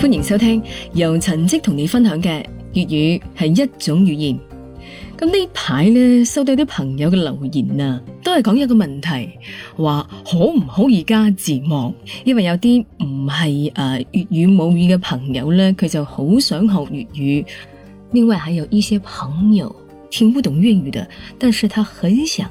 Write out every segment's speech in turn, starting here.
歡迎收聽由陳迹同你分享嘅粵語係一種語言。咁呢排咧，收到啲朋友嘅留言啊，都係講一個問題，話可唔可以加字幕？因為有啲唔係誒粵語母語嘅朋友呢，佢就好想學粵語。另外還有一些朋友聽不懂粵語的，但是他很想。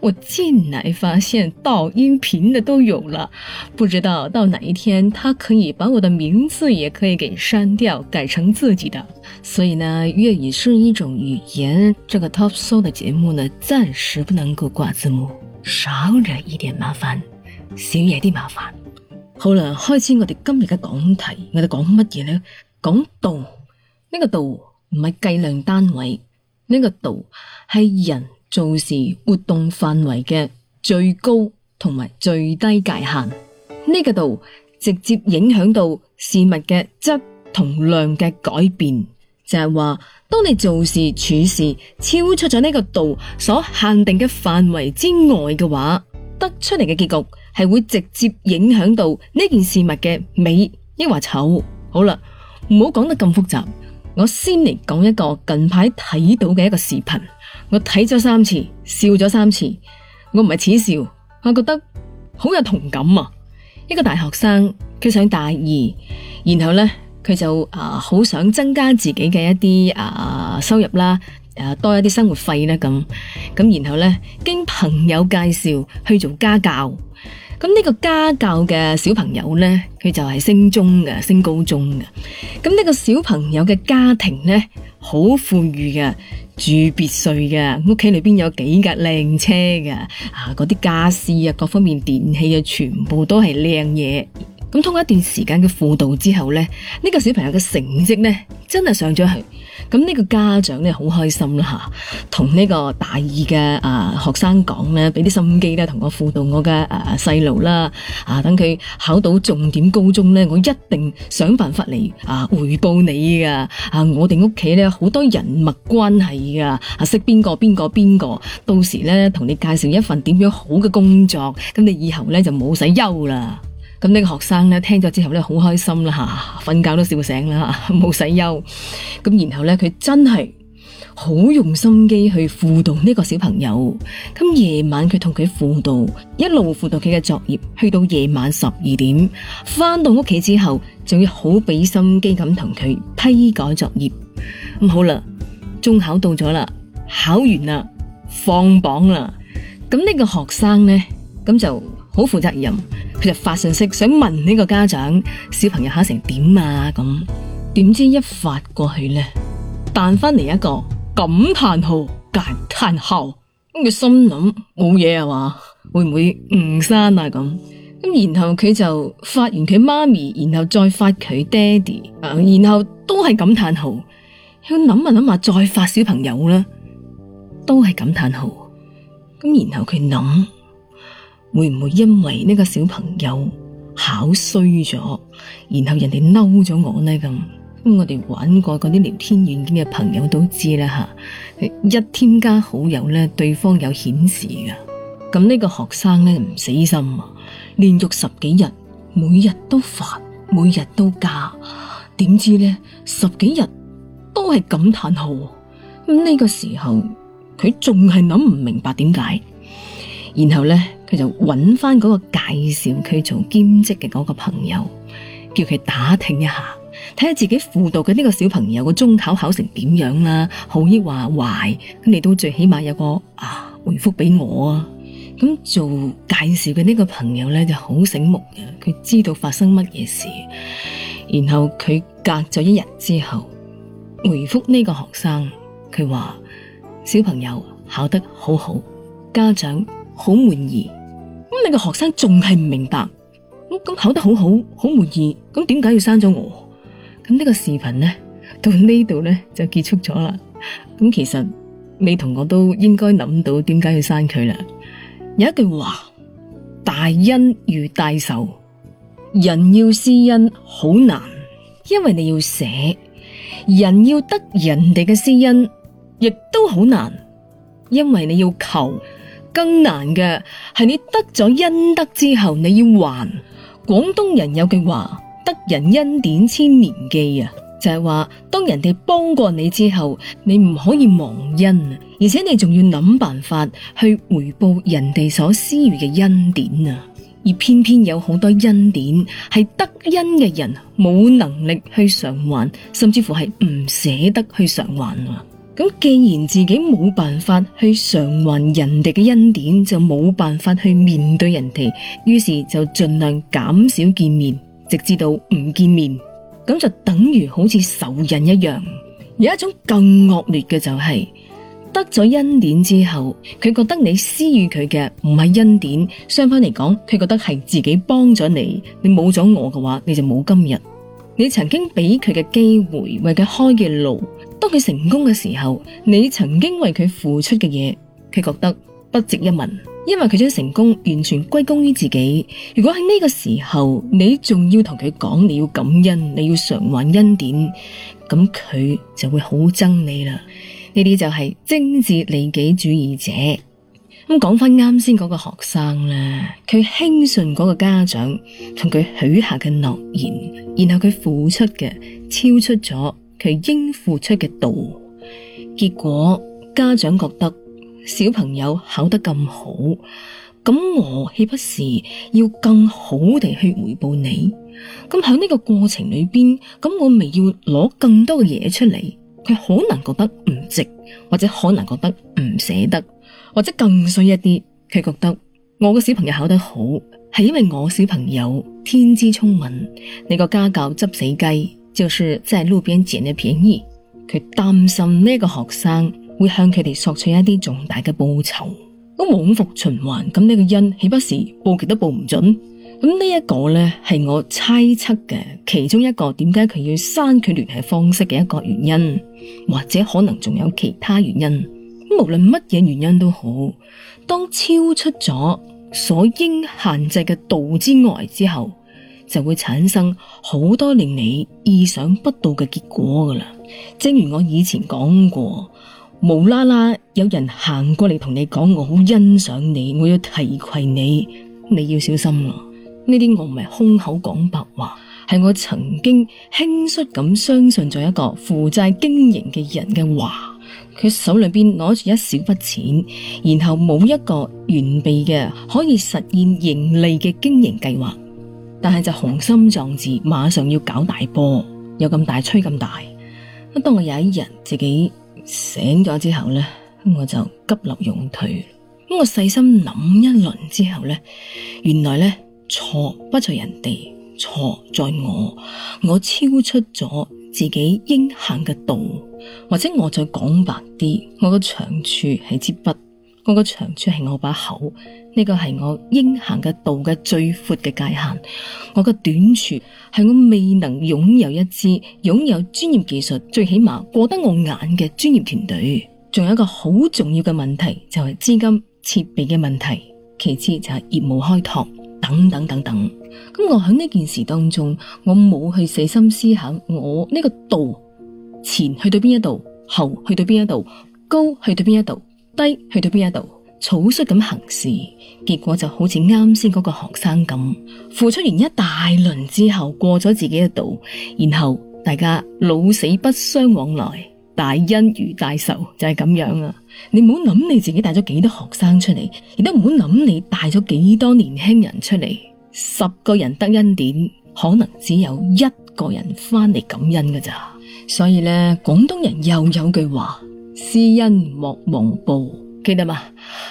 我近來發現盜音頻的都有了，不知道到哪一天他可以把我的名字也可以給刪掉，改成自己的。所以呢，粵語是一種語言，這個 Top Show 的節目呢，暫時不能夠掛字幕。少惹啲麻煩，少惹啲麻煩。好啦，開始我哋今日嘅講題，我哋講乜嘢呢？講度，呢、那個度唔係計量單位，呢、那個度係人做事活動範圍嘅最高同埋最低界限，呢個度直接影響到事物嘅質同量嘅改變。就係話，當你做事處事超出咗呢個度所限定嘅範圍之外嘅話，得出嚟嘅結局係會直接影響到呢件事物嘅美抑或醜。好啦，唔好講得咁複雜，我先嚟講一個近排睇到嘅一個視頻。我睇咗三次，笑咗三次。我唔係恥笑，我覺得好有同感啊！一個大學生，佢上大二，然後呢，佢就啊好、呃、想增加自己嘅一啲啊、呃、收入啦，誒、呃、多一啲生活費啦咁。咁然後呢，經朋友介紹去做家教。咁、嗯、呢、這個家教嘅小朋友呢，佢就係升中嘅，升高中嘅。咁、嗯、呢、這個小朋友嘅家庭呢，好富裕嘅。住別墅嘅，屋企裏邊有幾架靚車㗎，啊，嗰啲家私啊，各方面電器啊，全部都係靚嘢。通過一段時間嘅輔導之後咧，呢個小朋友嘅成績真係上咗去，咁呢個家長咧好開心啦，同呢個大二嘅啊學生講咧，俾、啊、啲心機咧，同、啊、我輔導我嘅啊細路啦，等、啊、佢考到重點高中、啊、我一定想辦法嚟、啊、回報你噶、啊，我哋屋企咧有好多人脈關係噶，啊識邊個邊個邊個，到時呢同你介紹一份點樣好嘅工作，咁你以後咧就冇使憂啦。咁呢個學生咧，聽咗之後咧，好開心啦，瞓覺都笑醒啦，冇使憂。咁然後咧，佢真係好用心機去輔導呢個小朋友。咁夜晚佢同佢輔導，一路輔導佢嘅作業，去到夜晚十二點，返到屋企之後，就要好俾心機咁同佢批改作業。咁好啦，中考到咗啦，考完啦，放榜啦。咁、這、呢個學生呢，咁就好負責任。佢就發信息想問呢個家長小朋友考成點啊？咁點知一發過去咧，彈翻嚟，一個感嘆號、感嘆號。咁佢心諗，冇嘢係嘛？會唔會誤刪啊？咁，咁然後佢就發完佢媽咪，然後再發佢爹哋，然後都係感嘆號。要諗啊諗啊，再發小朋友啦，都係感嘆號。咁然後佢諗。會唔會因為呢個小朋友考衰咗，然後人哋嬲咗我呢？咁我哋玩過嗰啲聊天軟件嘅朋友都知啦吓。一添加好友咧，對方有顯示噶。咁呢個學生咧唔死心，連續十幾日，每日都發，每日都加，點知咧十幾日都係感嘆號。咁呢個時候，佢仲係諗唔明白點解，然後咧。佢就揾返嗰個介紹佢做兼職嘅嗰個朋友，叫佢打聽一下，睇下自己輔導嘅呢個小朋友個中考考成點樣啦，好抑或壞，你都最起碼有個啊回覆俾我啊。咁做介紹嘅呢個朋友咧就好醒目嘅，佢知道發生乜嘢事，然後佢隔咗一日之後回覆呢個學生，佢話小朋友考得好好，家長好滿意。呢個學生仲係唔明白，咁考得好好，好滿意，咁點解要刪咗我？咁呢個視頻呢，到呢度呢，就結束咗啦。咁其實你同我都應該諗到點解要刪佢啦。有一句話：大恩如大仇，人要施恩好難，因為你要捨；人要得人哋嘅施恩，亦都好難，因為你要求。更難嘅係你得咗恩德之後，你要還。廣東人有句話：得人恩典千年記啊，就係話當人哋幫過你之後，你唔可以忘恩，而且你仲要諗辦法去回報人哋所施予嘅恩典啊。而偏偏有好多恩典係得恩嘅人冇能力去償還，甚至乎係唔捨得去償還啊。咁既然自己冇辦法去償還人哋嘅恩典，就冇辦法去面對人哋，於是就盡量減少見面，直至到唔見面，咁就等於好似仇人一樣。有一種更惡劣嘅就係、是、得咗恩典之後，佢覺得你施與佢嘅唔係恩典，相反嚟講，佢覺得係自己幫咗你，你冇咗我嘅話，你就冇今日，你曾經俾佢嘅機會，為佢開嘅路。當佢成功嘅時候，你曾經為佢付出嘅嘢，佢覺得不值一文，因為佢將成功完全歸功於自己。如果喺呢個時候你仲要同佢講你要感恩，你要償還恩典，咁佢就會好憎你啦。呢啲就係精致利己主義者。咁講翻啱先嗰個學生啦，佢輕信嗰個家長同佢許下嘅諾言，然後佢付出嘅超出咗。佢應付出嘅度，結果家長覺得小朋友考得咁好，咁我豈不是要更好地去回報你？咁喺呢個過程裏邊，咁我咪要攞更多嘅嘢出嚟？佢可能覺得唔值，或者可能覺得唔捨得，或者更衰一啲，佢覺得我個小朋友考得好，係因為我小朋友天資聰明，你個家教執死雞。就是在路邊撿嘅便宜，佢擔心呢個學生會向佢哋索取一啲重大嘅報酬，咁往復循環，咁呢個因豈不是報極都報唔準？咁呢一個呢，係我猜測嘅其中一個，點解佢要刪佢聯繫方式嘅一個原因，或者可能仲有其他原因。咁無論乜嘢原因都好，當超出咗所應限制嘅度之外之後。就會產生好多令你意想不到嘅結果噶啦。正如我以前講過，無啦啦有人行過嚟，同你講，我好欣賞你，我要提攜你，你要小心啦，啊。呢啲，我唔係空口講白話，係我曾經輕率咁相信咗一個負債經營嘅人嘅話，佢手裏邊攞住一小筆錢，然後冇一個完備嘅可以實現盈利嘅經營計劃。但係就雄心壯志，馬上要搞大波，有咁大吹咁大。啊，當我有一日自己醒咗之後呢，我就急流勇退。咁我細心諗一輪之後呢，原來呢，錯不在人哋，錯在我，我超出咗自己應行嘅度，或者我再講白啲，我嘅長處係支筆。我個長處係我把口，呢個係我應行嘅度嘅最闊嘅界限。我個短處係我未能擁有一支擁有專業技術，最起碼過得我眼嘅專業團隊。仲有一個好重要嘅問題就係資金設備嘅問題，其次就係業務開拓等等等等。咁我喺呢件事當中，我冇去細心思考我呢個度前去到邊一度，後去到邊一度，高去到邊一度，低去到邊一度，草率咁行事，結果就好似啱先嗰個學生咁，付出完一大輪之後，過咗自己嘅度，然後大家老死不相往來，大恩如大仇就係咁樣啊！你唔好諗你自己帶咗幾多學生出嚟，亦都唔好諗你帶咗幾多年輕人出嚟，十個人得恩典，可能只有一個人翻嚟感恩噶咋，所以呢，廣東人又有句話。施恩莫忘報，記得嘛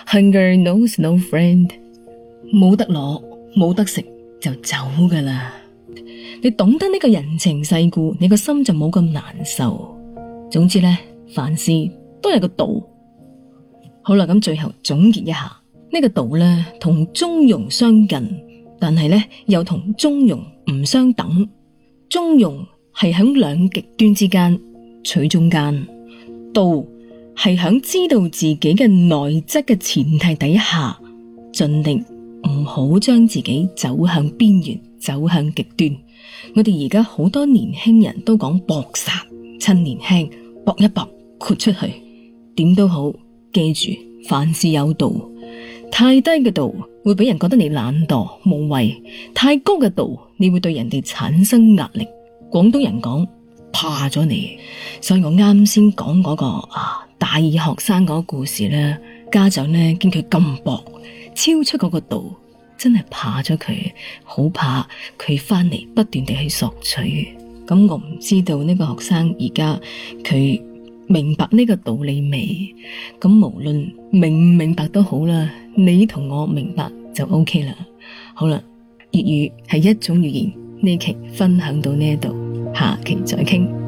？Hunger knows no friend，冇得攞，冇得食就走㗎喇。你懂得呢個人情世故，你個心就冇咁難受。總之咧，凡事都有個度。好啦，咁最後總結一下，呢、這個度咧同中庸相近，但係咧又同中庸唔相等。中庸係喺兩極端之間取中間，度，係喺知道自己嘅內質嘅前提底下，盡力唔好將自己走向邊緣，走向極端。我哋而家好多年輕人都講搏殺，趁年輕搏一搏豁出去，點都好。記住凡事有度，太低嘅度會俾人覺得你懶惰冇謂，太高嘅度你會對人哋產生壓力。廣東人講怕咗你，所以我啱先講嗰個啊。大二學生嗰個故事呢，家長呢見佢咁薄，超出嗰個度，真係怕咗佢，好怕佢翻嚟不斷地去索取。咁我唔知道呢個學生而家佢明白呢個道理未？咁無論明唔明白都好啦，你同我明白就 OK 啦。好啦，粵語係一種語言，呢期分享到呢度，下期再傾。